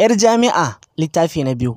'Yar Jami'a, littafi na biyu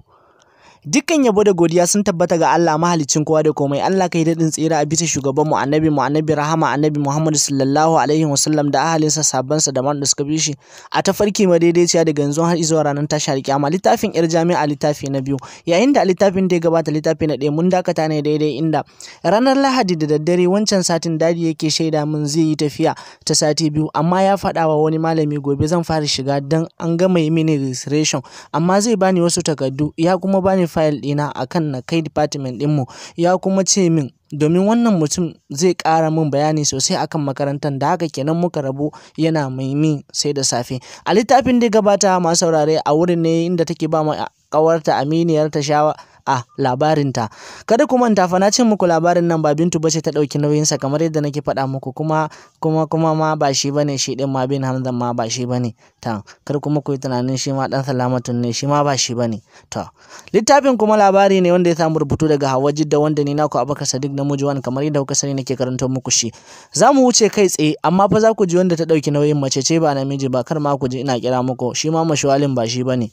Dukkan yabo da godiya sun tabbata ga Allah mahalicin kowa da komai. Allah kai daɗin tsira a bisa shugaban mu annabi mu annabi rahama annabi Muhammad sallallahu alaihi wasallam da ahalinsa sabansa da man da suka bi shi a tafarki madaidaiciya daga yanzu har zuwa ranar tashar kiyama littafin yar jami'a littafi na biyu yayin da littafin da ya gabata littafi na ɗaya mun dakata ne daidai inda ranar Lahadi da daddare wancan satin dadi yake shaida min zai yi tafiya ta sati biyu amma ya faɗa wa wani malami gobe zan fara shiga dan an gama yi mini registration amma zai bani wasu takardu ya kuma bani fayil ɗina akan na kai department ɗinmu ya kuma ce min domin wannan mutum zai ƙara min bayani sosai akan makarantar da haka kenan muka rabu yana mai min sai da safe a littafin da gabata masu saurare a wurin ne inda take ba ma ƙawarta aminiyar ta shawa. a labarinta. Kada kuma manta fa na ce muku labarin nan ba Bintu bace ta ɗauki sa kamar yadda nake faɗa muku kuma kuma kuma ma ba shi bane shi ɗin ma bin Hamza ma ba shi bane ta kar kuma ku yi tunanin shi ma ɗan salamatun ne shi ma ba shi bane ta littafin kuma labari ne wanda ya samu rubutu daga Hawwa Jidda wanda ni naku Abubakar Sadiq namiji wani kamar yadda kuka sani nake karanto muku shi za mu wuce kai tsaye amma fa za ku ji wanda ta ɗauki nauyin mace ce ba namiji ba kar ma ku ji ina kira muku shi ma mashwalin ba shi bane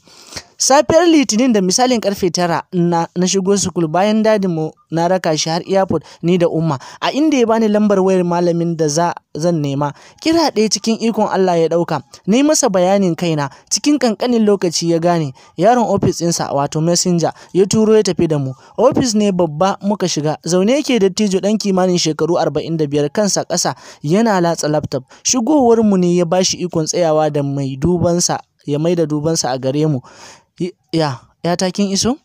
Safiyar Litinin da misalin karfe tara na, na shigo sukul bayan dadinmu na raka shi har airport ni da umma a inda ya bani lambar wayar malamin da za zan nema kira ɗaya cikin ikon Allah ya ɗauka ni masa bayanin kaina cikin kankanin lokaci ya gane yaron ofis ɗinsa wato messenger ya turo ya tafi da mu ofis ne babba muka shiga zaune yake dattijo dan kimanin shekaru arba'in da biyar kansa ƙasa yana latsa laptop shigowar mu ne ya bashi ikon tsayawa da mai dubansa ya mai da dubansa a gare mu ya, yata kin iso?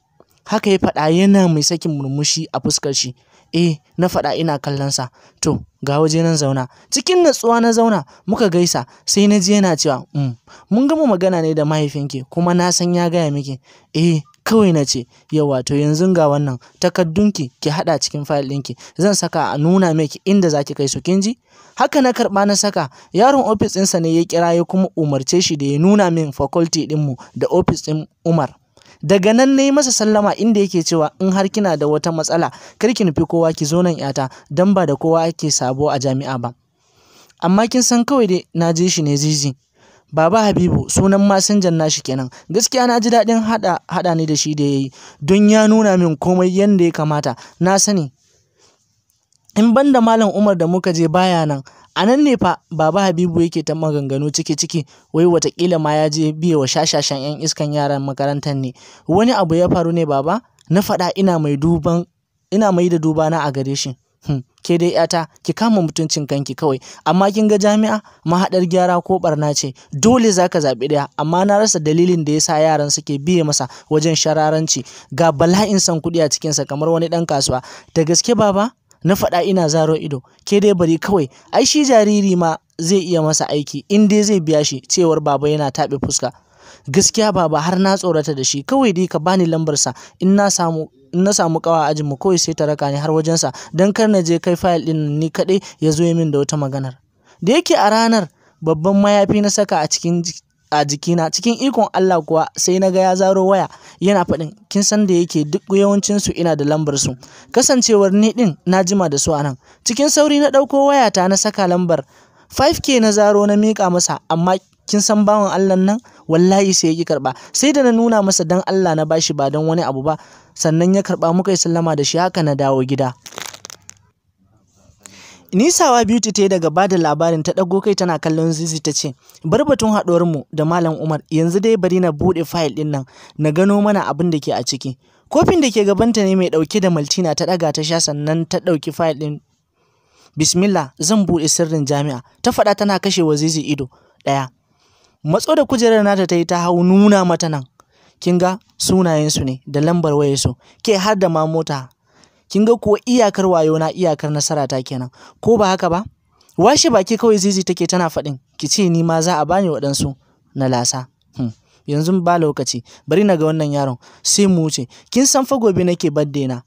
Haka ya faɗa yana mai sakin murmushi a fuskar shi. Eh, na faɗa ina kallon sa. To, ga waje nan zauna. Cikin natsuwa na zauna, muka gaisa, sai na ji yana cewa, mm, mun gama magana ne da mahaifinki, kuma na san ya gaya miki. Eh, kawai na ce yawa to yanzu ga wannan takaddunki ki haɗa cikin fayil ɗinki zan saka a nuna miki inda zaki kai su kinji haka na karɓa na saka yaron ofis ɗinsa ne ya kira ya kuma umarce shi da ya nuna min faculty mu da ofis ɗin Umar daga nan ne masa sallama inda yake cewa in har kina da wata matsala kar ki nufi kowa ki zo nan yata dan ba da kowa ake sabo a jami'a ba amma kin san kawai dai na je shi ne zizi Baba Habibu sunan masinjan nashi kenan. Gaskiya na ji daɗin haɗa haɗa ni da shi da ya yi don ya nuna min komai yadda ya kamata. Na sani in banda Malam Umar da muka je baya nan, a nan ne fa Baba Habibu yake ta maganganu ciki-ciki wai watakila ma ya je biye wa shashashan 'yan iskan yaran makarantar ne. Wani abu ya faru ne Baba? Na faɗa ina mai duban ina mai da dubana a gare shi. Hmm, ke dai yata ki kama mutuncin kanki kawai amma kin ga jami'a mahaɗar gyara ko barna ce dole zaka zaɓi ɗaya amma na rasa dalilin da yasa yaran suke biye masa wajen shararanci ga bala'in san kuɗi a cikin sa kamar wani dan kasuwa da gaske baba na faɗa ina zaro ido ke dai bari kawai ai shi jariri ma zai iya masa aiki in dai zai biya shi cewar baba yana taɓa fuska gaskiya baba har na tsorata da shi kawai dai ka bani lambarsa in na samu in na samu kawa a ajinmu, kawai sai ta raka ni har wajensa don kar na je kai fayil ɗin ni kaɗai ya zo min da wata maganar da yake a ranar babban mayafi na saka a cikin a jikina cikin ikon Allah kuwa sai na ga ya zaro waya yana faɗin kin san da yake duk yawancin su ina da lambar su kasancewar ni din na jima da su anan cikin sauri na ɗauko wayata na saka lambar 5k na zaro na miƙa masa amma kin san bawan Allah nan wallahi sai ya ki karba sai da na nuna masa dan Allah na bashi ba dan wani abu ba sannan ya karba muka yi sallama da shi haka na dawo gida Nisawa Beauty ta yi daga ba da labarin ta ɗago kai tana kallon Zizi ta ce, Bar batun haɗuwarmu da Malam Umar yanzu dai bari na buɗe fayil ɗin nan na gano mana abin da ke a ciki. Kofin da ke gabanta ne mai ɗauke da Maltina ta ɗaga ta sha sannan ta ɗauki fayil ɗin. Bismillah zan buɗe sirrin jami'a ta faɗa tana kashe wa Zizi ido ɗaya. matso da kujerar nata ta yi ta hau nuna mata nan kin ga sunayensu ne da lambar wayarsu ke har da ma mota kin ga kuwa iyakar wayo na iyakar nasara ta kenan ko ba haka ba washe baki kawai zizi take tana faɗin ki ce ni ma za a bani waɗansu na lasa hmm. yanzu ba lokaci bari na ga wannan yaron sai mu wuce kin san fa gobe nake birthday na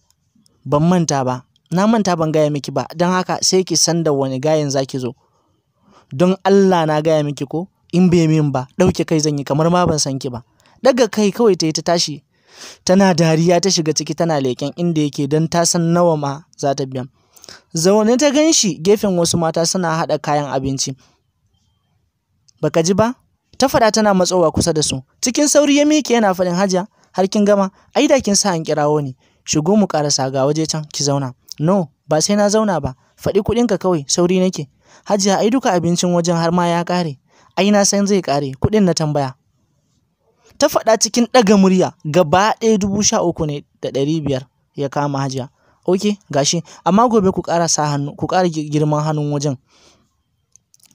ban manta ba na manta ban gaya miki ba don haka sai ki san da wani gayin zaki zo don Allah na gaya miki ko in bai min ba ɗauke kai zan yi kamar ma ban san ki ba daga kai kawai ta yi ta tashi tana dariya ta shiga ciki tana leƙen inda yake don ta san nawa ma za ta biya zaune ta gan shi gefen wasu mata suna haɗa kayan abinci baka ji ba ta faɗa tana matsowa kusa da su cikin sauri ya miƙe yana faɗin hajiya har kin gama ai da kin sa an kirawo ne. shigo mu ƙarasa ga waje can ki zauna no ba sai na zauna ba faɗi kuɗinka kawai sauri nake hajiya ai duka abincin wajen har ma ya ƙare ai na san zai ƙare kuɗin na tambaya ta faɗa cikin ɗaga murya gaba ɗaya dubu sha uku ne da ɗari biyar ya kama hajiya ok gashi amma gobe ku ƙara sa hannu ku ƙara girman hannun wajen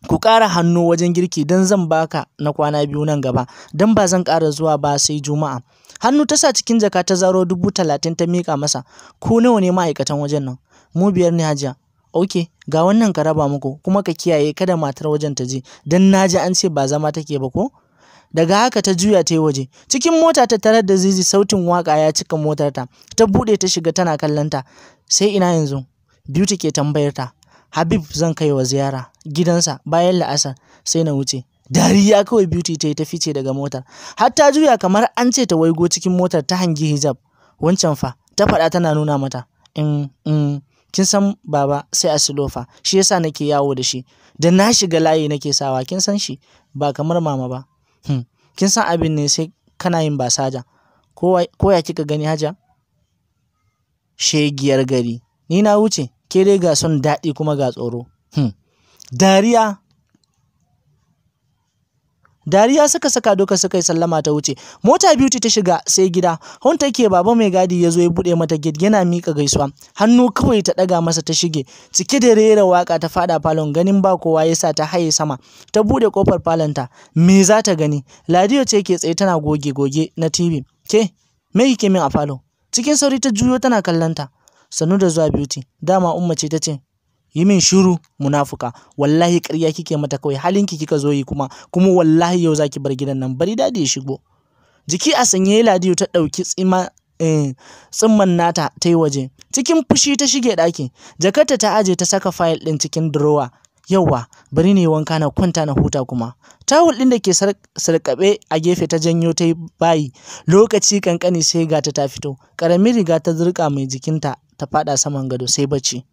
ku ƙara hannu wajen girki don zan baka na kwana biyu nan gaba don ba zan ƙara zuwa ba sai juma'a hannu ta sa cikin jaka ta zaro dubu talatin ta miƙa masa ku nawa ne ma'aikatan wajen nan mu biyar ne hajiya ok ga wannan ka raba muku kuma ka kiyaye kada matar wajen ta je dan naji an ce ba zama take ba ko daga haka ta juya ta yi waje cikin mota ta tarar da zizi sautin waka ya cika motar ta ta bude ta shiga tana kallon ta sai ina yanzu beauty ke tambayar ta habib zan kai wa ziyara gidansa bayan la'asar sai na wuce dariya kawai beauty ta yi ta fice daga motar har ta juya kamar an ce ta waigo cikin motar ta hangi hijab wancan fa ta faɗa tana nuna mata in in kin san baba sai a silofa shi yasa nake yawo da shi da na shiga layi nake sawa kin san shi ba kamar mama ba hmm. kin san abin ne sai kana yin basaja ko ya kika gani haja shegiyar gari ni na wuce ke dai ga son daɗi kuma ga tsoro hmm. dariya dariya suka saka duka suka yi sallama ta wuce mota beauty ta shiga sai gida hon take baba mai gadi ya zo ya buɗe mata gate yana mika gaisuwa hannu kawai ta ɗaga masa ta shige cike da rera waka ta fada falon ganin ba kowa ya sa ta haye sama ta buɗe kofar falon ta me za ta gani ladiyo ce ke tsaye tana goge goge na tv ke me yake min a falo cikin sauri ta juyo tana kallon ta sannu da zuwa beauty dama umma ce ta ce yi min shiru munafuka wallahi ƙarya kike mata kawai halinki kika zo yi kuma kuma wallahi yau zaki bar gidan nan bari dadi ya shigo jiki a sanye ladiyo ta ɗauki tsima eh, tsimman nata ta yi waje cikin fushi ta shige ɗaki jakarta ta aje ta saka fayil ɗin cikin durowa yauwa bari ne wanka na kwanta na huta kuma tawul ɗin da ke sarƙaɓe a gefe ta janyo ta yi bayi lokaci kankani sai gata ta ta fito ƙaramin riga ta zurƙa mai jikinta ta faɗa saman gado sai bacci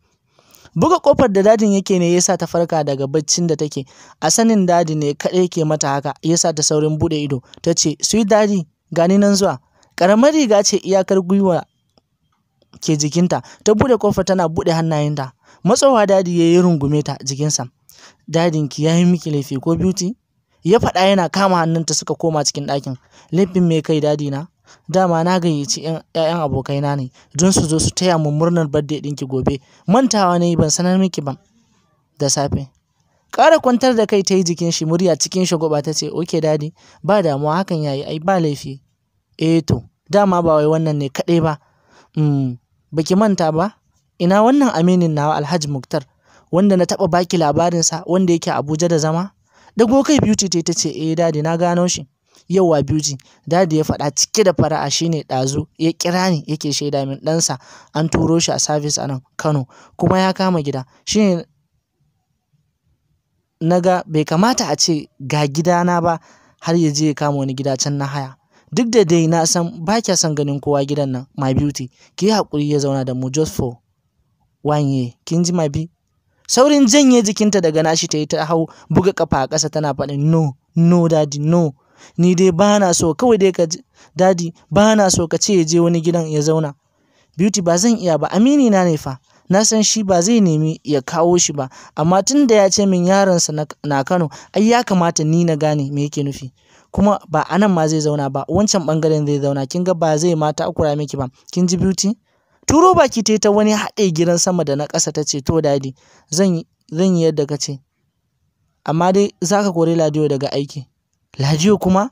buga kofar da dadin yake ne yasa ta farka daga baccin da take a sanin dadi ne kaɗai yake mata haka yasa ta saurin bude ido ta ce sweet daddy gani nan zuwa karamar riga ce iyakar gwiwa ke jikinta ta bude kofar tana bude hannayenta matsowa dadi ya yi rungume ta jikinsa dadinki ya yi miki laifi ko beauty ya faɗa yana kama hannunta suka koma cikin ɗakin laifin mai kai dadi na dama na gayyaci 'ya'yan abokaina ne don su zo su taya mu murnar birthday ɗinki gobe mantawa ne ban sanar miki ba da safe ƙara kwantar da kai ta yi jikin shi murya cikin shagwaba ta ce oke dadi ba damuwa hakan yayi ai ba laifi eh to dama ba wai wannan ne kaɗai ba hmm, baki manta ba ina wannan aminin nawa alhaji muktar wanda na taɓa baki labarinsa wanda yake abuja da zama Dago kai Beauty ta yi ta ce, eh dadi na gano shi. Yauwa Beauty, dadi ya faɗa cike da fara'a shine ɗazu ya kira ni yake shaida min ɗansa an turo shi a sabis a nan Kano kuma ya kama gida. Shine na ga bai kamata a ce ga gidana ba har ya je ya kama wani gida can na haya. Duk da dai na san ba kya son ganin kowa gidan nan, my beauty, ki yi haƙuri ya zauna da mu just for one year. Kin ji my bi? saurin janye jikinta daga nashi ta yi ta hau buga kafa a ƙasa tana faɗin no no dadi no ni dai ba na so kawai dai ka dadi ba na so ka ce ya je wani gidan ya zauna beauty ba zan iya ba amini na ne fa na san shi ba zai nemi ya kawo shi ba amma tun da ya ce min yaronsa na kano ai ya kamata ni na gane me yake nufi kuma ba anan ma zai zauna ba wancan bangaren zai zauna kin ga ba zai mata akura miki ba kin ji beauty turo baki ta yi ta wani haɗe gidan sama da na ƙasa ta ce to dadi zan yi yadda ka ce amma dai za ka kori ladiyo daga aiki ladiyo kuma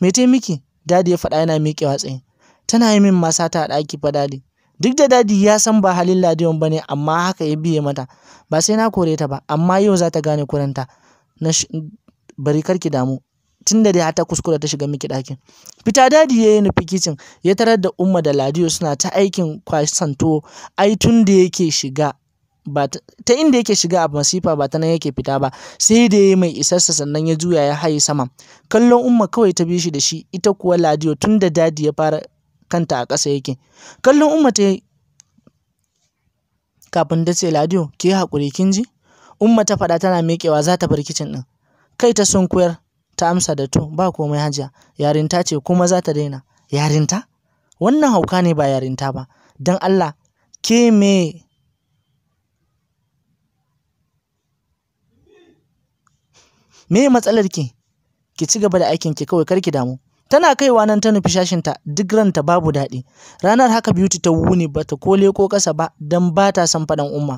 me ta miki dadi ya faɗa yana miƙe tsaye tana yi min masa ta ɗaki fa dadi duk da dadi ya san ba halin ladiyon ba ne amma haka ya biye mata ba sai na kore ta ba amma yau za ta gane kuranta na bari karki damu tun da dai hata ta kuskura ta shiga miki ɗakin fita dadi ya yi nufi kicin ya tarar da umma da ladiyo suna ta aikin kwasanto ai tun yake shiga ta inda yake shiga a masifa ba ta nan yake fita ba sai da yayi mai isarsa sannan ya juya ya haye sama kallon umma kawai ta bi shi da shi ita kuwa ladiyo tun da dadi ya fara kanta a ƙasa yake kallon umma ta kafin ta ce ladiyo ke haƙuri kin ji umma ta faɗa tana miƙewa za ta bar kicin ɗin kai ta koyar. ta amsa da to ba komai hajiya yarinta ce kuma za ta daina yarinta wannan hauka ne ba yarinta ba don allah ke me me matsalar ki ki ci gaba da aikin ki kawai karki damu tana kaiwa nan ta nufi shashinta duk ranta babu daɗi ranar haka beauty ta wuni bata ko kasa ƙasa ba don ba ta son faɗan umma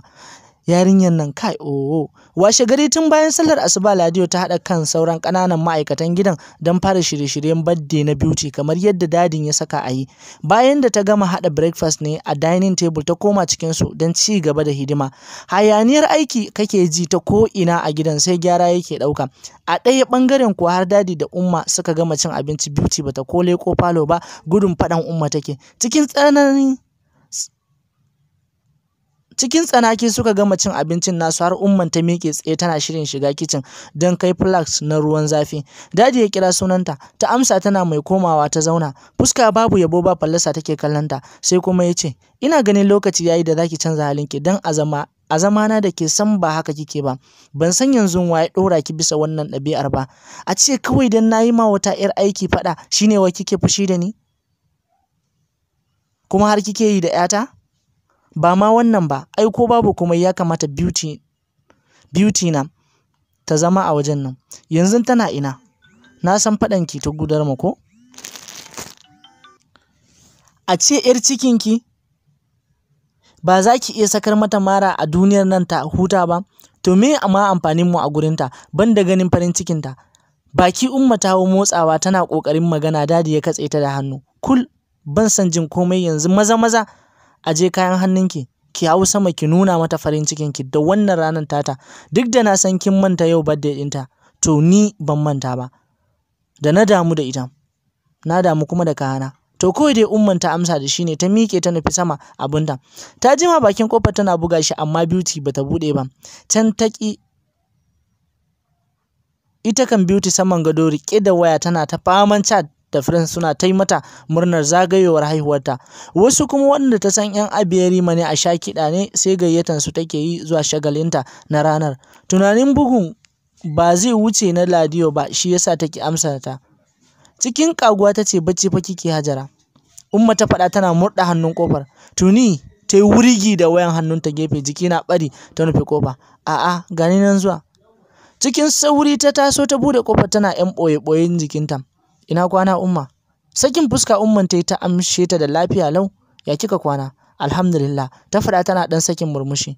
yarinyar nan kai oo washe gari tun bayan sallar asuba ladiyo ta haɗa kan sauran kananan ma'aikatan gidan don fara shirye-shiryen badde na beauty kamar yadda dadin ya saka a yi bayan da ta gama haɗa breakfast ne a dining table ta koma cikin su don ci gaba da hidima hayaniyar aiki kake ji ta ko ina a gidan sai gyara yake ɗauka a ɗaya bangaren kuwa har dadi da umma suka gama cin abinci beauty bata kole ko falo ba gudun faɗan umma take cikin tsananin Cikin tsanaki suka gama cin abincin nasu har Umman ta miƙe tsaye tana shirin shiga kicin don kai flax na ruwan zafi. Dadi ya kira sunanta, ta amsa tana mai komawa ta zauna. Fuska babu yabo ba fallasa take kallonta, sai kuma ya ce, "Ina ganin lokaci yayi da zaki canza halinki don a zama a zamana da ke san ba haka kike ba ban san yanzu waye ɗora dora ki bisa wannan ɗabi'ar ba a ce kawai dan nayi ma wata yar aiki faɗa shine wa kike fushi da ni kuma har kike yi da 'yata ba ma wannan ba ai ko babu komai ya kamata beauty beauty na ta zama a wajen nan yanzu tana ina na san faɗan ki ta gudar ma ko a ce ‘yar cikin ki ba za ki iya sakar mata mara a duniyar nan ta huta ba to me amma amfanin mu a gurinta ban da ganin farin cikinta baki umma ta hau motsawa tana ƙoƙarin magana dadi ya katse ta da hannu kul ban san jin komai yanzu maza maza aje kayan hannunki ki hau sama ki nuna mata farin cikinki da wannan ranar tata duk da na san kin manta yau birthday ɗinta to ni ban manta ba da na damu da ita na damu kuma da kayana to kawai dai umman ta amsa da shine ta miƙe ta nufi sama abinta ta jima bakin kofar tana buga shi amma beauty bata buɗe ba can ta ita kan beauty saman gado rike da waya tana ta faman chat da Prince suna ta yi mata murnar zagayowar haihuwarta. Wasu kuma wanda ta san 'yan abiyari ne a sha kiɗa ne sai gayyatan su take yi zuwa shagalinta na ranar. Tunanin bugun ba zai wuce na Ladiyo ba shi yasa take amsa ta. Cikin kaguwa ta ce bacci fa kike Hajara. Umma ta faɗa tana murɗa hannun kofar. Tuni ta yi wurigi da wayan hannun ta gefe jiki na bari ta nufi kofa. A'a gani nan zuwa. Cikin sauri ta taso ta buɗe ƙofar tana 'yan ɓoye-ɓoyen jikinta. Ina kwana Umma? Sakin fuska Umman ta ta amshe ta da lafiya lau, ya kika kwana? Alhamdulillah, ta faɗa tana ɗan sakin murmushi.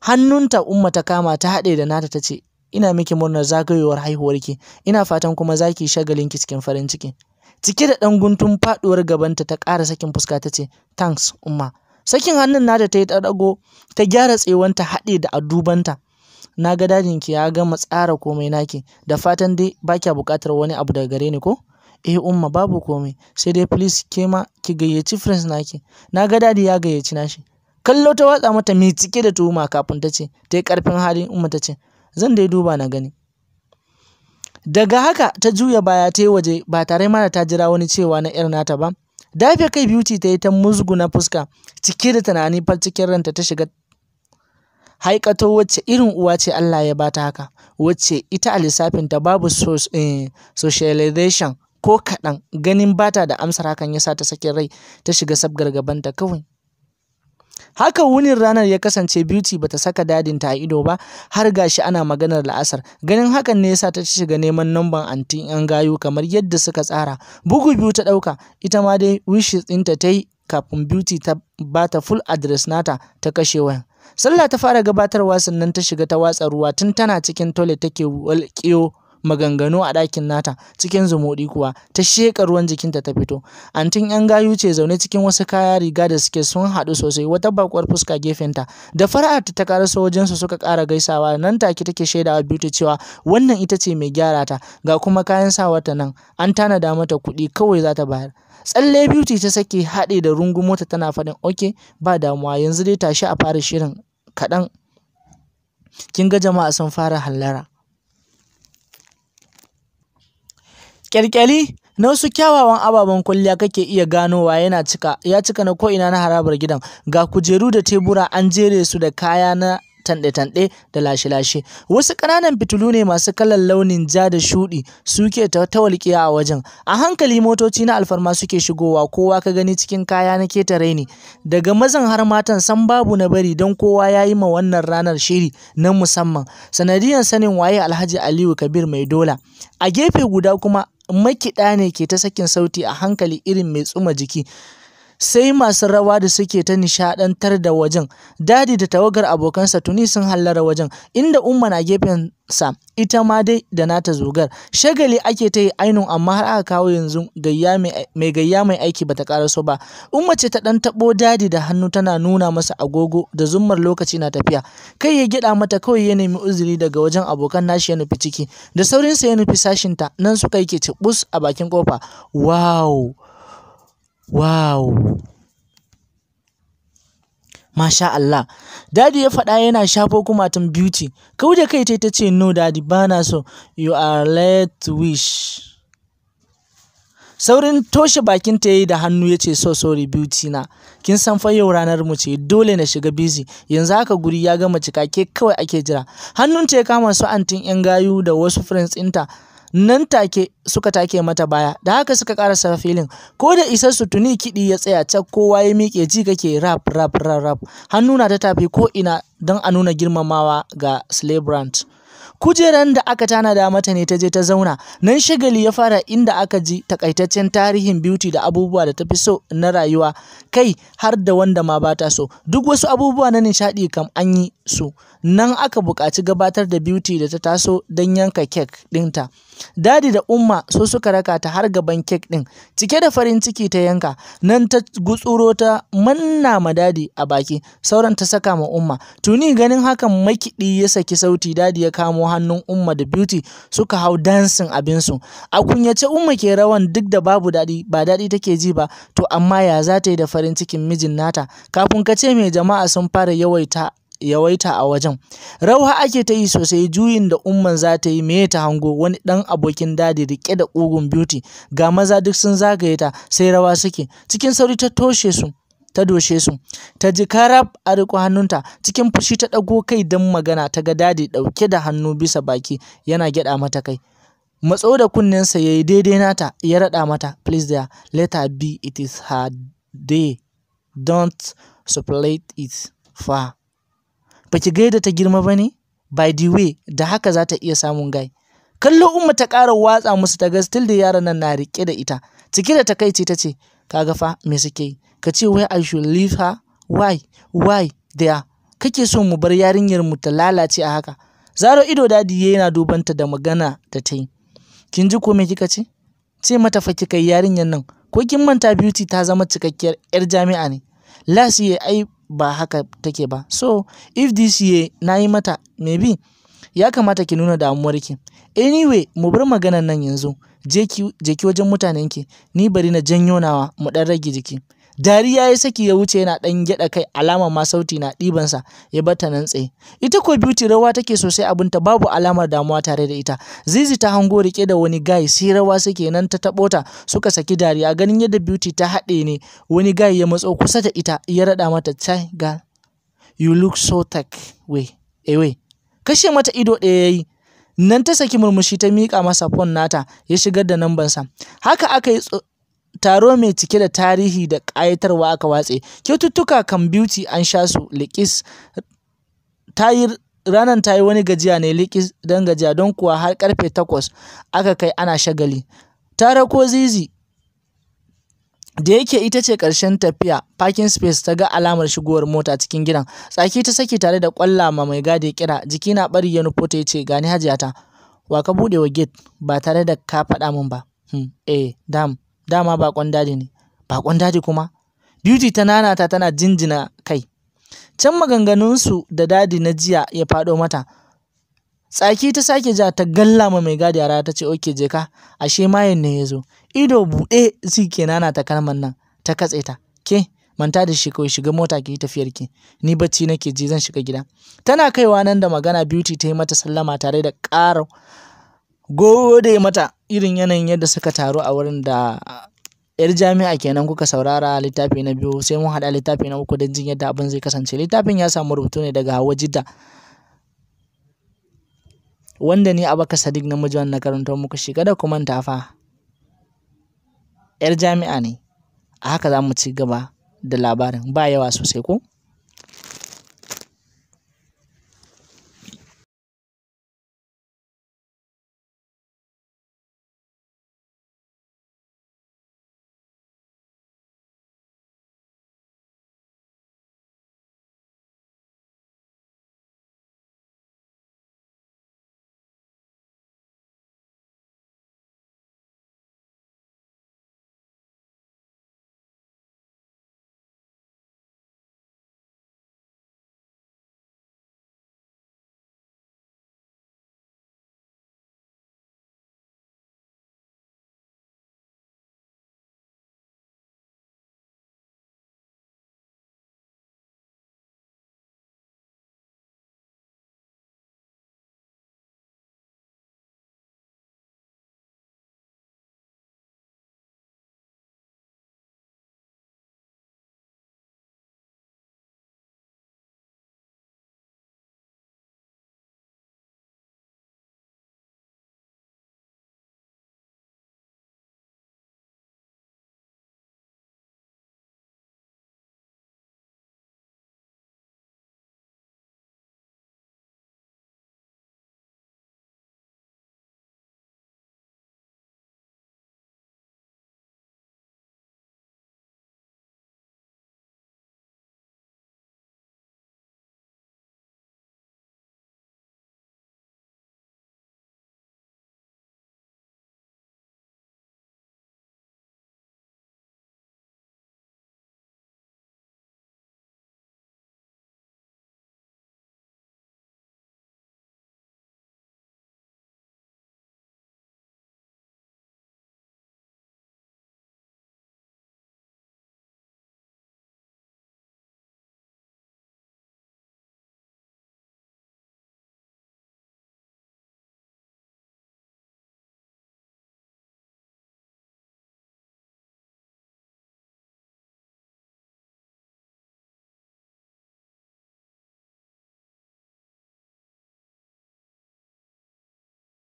Hannunta Umma ta kama ta haɗe da nata ta ce, Ina miki murnar zagayowar ki? ina fatan kuma za ki shagalinki cikin farin ciki. Cike da ɗan guntun faɗuwar gabanta ta ƙara sakin fuska ta ce, Thanks, Umma. Sakin hannun nata ta yi ta ɗago, ta gyara tsewanta haɗe da adubanta. Na ga dajinki ya gama tsara komai naki, da fatan dai ba kya buƙatar wani abu daga gare ni ko? "Eh Umma babu komai. sai dai please ke ma ki gayyaci friends naki. Na ga Dadi ya gayyaci nashi." Kallo ta watsa mata mai cike da tuhuma kafin ta ce ta yi ƙarfin hali Umma ta ce, "Zan dai duba na gani." Daga haka ta juya baya ta yi waje ba tare ma da ta jira wani cewa na 'yar nata ba. Dafe kai Beauty ta yi ta musguna fuska cike da tunani far cikin ranta ta shiga haikato wacce irin uwa ce Allah ya bata haka wacce ita a lissafinta babu eh, socialization ko kaɗan ganin bata da amsar hakan ya sa ta sake rai ta shiga sabgar gabanta kawai haka wunin ranar ya kasance beauty bata saka dadinta ta ido ba har gashi ana maganar la'asar ganin hakan ne ya sa ta shiga neman namban antin yan gayu kamar yadda suka tsara bugu biyu ta ɗauka ita ma dai wishes ɗinta ta yi kafin beauty ta bata full address nata ta kashe wayan sallah ta fara gabatarwa sannan ta shiga ta watsa ruwa tun tana cikin toilet take walƙiyo maganganu a ɗakin nata cikin zumuɗi kuwa ta sheƙa ruwan jikinta ta fito antin yan gayu ce zaune cikin wasu kaya riga da suke sun haɗu sosai wata bakwar fuska gefenta da fara'arta ta ƙara karaso wajensu suka ƙara gaisawa nan take take shaidawa ta cewa wannan ita ce mai gyara ta ga kuma kayan sawarta nan an tanada mata kuɗi kawai za ta bayar tsalle beauty ta sake haɗe da rungumota tana faɗin ok ba damuwa yanzu dai tashi a fara shirin kaɗan kin ga jama'a sun fara hallara ƙyalƙyali na wasu kyawawan ababen kwalliya kake iya ganowa yana ya cika na ko'ina na harabar gidan, ga kujeru da tebura an jere su da kaya na tanɗe-tanɗe da lashe-lashe. Wasu ƙananan fitilu ne masu kalar launin ja da shuɗi suke ta tawalkiya a wajen. A hankali motoci na alfarma suke shigowa kowa ka gani cikin kaya na ketare ne. Daga mazan har matan san babu na bari don kowa ya yi ma wannan ranar shiri na musamman. Sanadiyan sanin waye Alhaji Aliyu Kabir mai dola. A gefe guda kuma makiɗa ne ke ta sakin sauti a hankali irin mai tsuma jiki sai masu rawa da suke ta nishadantar da wajen dadi da tawagar abokansa tuni sun hallara wajen inda umma na gefen sa ita ma dai da nata zogar shagali ake ta yi ainun amma har aka kawo yanzu mai gayya mai aiki bata karaso ba umma ce ta dan tabo dadi da hannu tana nuna masa agogo da zummar lokaci na tafiya kai ya gida mata kawai ya nemi uzuri daga wajen abokan nashi ya nufi ciki da saurinsa ya nufi sashinta nan suka yi ke cibus a bakin kofa wow Wow! Masha Allah! Dadi ya faɗa yana shafo kumatun Beauty. Kau da kai ta ce, “No Daddy, ba na so. You are late wish.” Saurin toshe bakinta ya yi da hannu ya ce, “So sorry Beauty na, kin san fa yau ranar mu ce, dole na shiga busy. Yanzu haka guri ya gama cika ke kawai ake jira.” Hannun ta ya kama su antin ‘yan gayu da wasu friends ɗinta. nan take suka take mata baya da haka suka karasa filin ko da isar su tuni kiɗi ya tsaya cak kowa ya miƙe ji kake rap rap rap rap hannu na ta tafi ko ina don a nuna girmamawa ga Celebrant. kujeran da aka tana da mata ne ta je ta zauna nan shagali ya fara inda aka ji takaitaccen tarihin beauty da abubuwa da ta fi so na rayuwa kai har da wanda ma ba ta so duk wasu abubuwa na nishadi kam an yi su nan aka buƙaci gabatar da beauty da ta taso don yanka kek ɗinta dadi da umma so suka raka ta har gaban kek ɗin cike da farin ciki ta yanka nan ta gutsuro ta manna ma dadi a baki sauran ta saka ma umma tuni ganin hakan makiɗi ya saki sauti dadi ya kamo hannun umma da beauty suka hau dansin abinsu a kunyace umma ke rawan duk da babu daɗi ba daɗi take ji ba to amma ya za yi da farin cikin mijin nata kafin ka ce mai jama'a sun fara yawaita yawaita a wajen rauha ake ta yi sosai juyin da umman za ta yi meye ta hango wani ɗan abokin dadi riƙe da ƙugun beauty ga maza duk sun zagaye ta sai rawa suke cikin sauri ta toshe su ta doshe su ta ji karab a riko hannunta cikin fushi ta ɗago kai don magana ta ga dadi ɗauke da hannu bisa baki yana gyaɗa mata kai matso da kunnensa ya yi daidai nata ya raɗa mata please there let her be it is her day don't supply it far baki ki gaida ta girma ba ne by the way da haka za ta iya samun gai. kallo umma ta ƙara watsa musu ta ga still da yaran nan na riƙe da ita cike da takaici ta ce kaga fa me suke ka ce wai i should leave her why why there kake so mu bar yarinyar mu ta lalace a haka zaro ido dadi yana duban ta da magana da ta yi kin ji ko me kika ce ce mata fa kika yarinyar nan ko kin manta beauty ta zama cikakkiyar yar jami'a ne last year ai ba haka take ba so if this year na yi mata maybe ya kamata ki nuna damuwar ki anyway mu bar maganan nan yanzu je ki wajen ki. ni bari na janyo nawa mu ɗan rage jiki dariya ya saki ya wuce yana ɗan gyaɗa kai alamar ma sauti na ɗibansa ya bata nan tsaye ita ko beauty rawa take sosai abinta babu alamar damuwa tare da ita zizi ta hango rike da wani guy sai rawa suke nan ta taɓo ta suka saki dariya ganin yadda beauty ta haɗe ne wani guy ya matso kusa da ita ya raɗa mata chai ga you look so thick way eh, kashe mata ido ɗaya yayi nan ta saki murmushi ta miƙa masa fon nata ya shigar da nambansa haka aka yi taro mai cike da tarihi da ƙayatarwa aka watse. Kyaututtuka kan Beauty an sha su likis ranar ta yi wani gajiya ne likis don gajiya don kuwa har karfe takwas aka kai ana shagali. Ta ko Zizi da yake ita ce ƙarshen tafiya parking space ta ga alamar shigowar mota cikin gidan tsaki ta saki tare da ƙwallama mai gadi kira jiki na bari ya nufo ta ce gani hajiyata wa ka buɗe wa gate ba tare da ka faɗa min ba hmm, eh dam dama bakon daji ne Bakon daji kuma beauty ta nanata tana jinjina kai can maganganunsu da dadi na jiya ya faɗo mata tsaki ta sake ja ta gallama mai gadi yara ta ce oke je ka ashe mayen ne ya zo ido buɗe zai ke nanata kalmar nan ta katse ta ke manta da shi kawai shiga mota ki tafiyar ki ni bacci nake ji zan shiga gida tana kaiwa nan da magana beauty ta yi mata sallama tare da ƙara gode mata irin yanayin yadda suka taru a wurin da yar jami'a kenan kuka saurara littafi na biyu sai mun haɗa littafi na uku don jin yadda abin zai kasance littafin ya samu rubutu ne daga hawa jidda wanda ni abaka sadiq namiji wannan karanto muku shi kada ku manta fa yar jami'a ne a haka za mu ci gaba da labarin ba yawa sosai ko